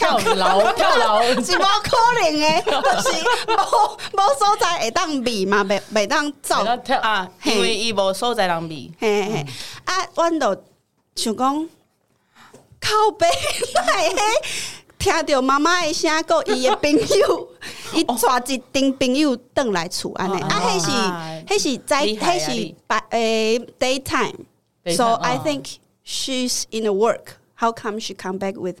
跳樓，跳樓是冇可能誒，就是冇冇所在會當比嘛，袂袂當走啊，因為伊冇所在啷比。嘿，啊，阮豆想講靠背，嘿，聽到媽媽誒聲，個伊個朋友，伊帶一頂朋友轉來厝安尼。啊，迄是，迄是，在迄是白誒 daytime，so I think she's in the work。How come she come back with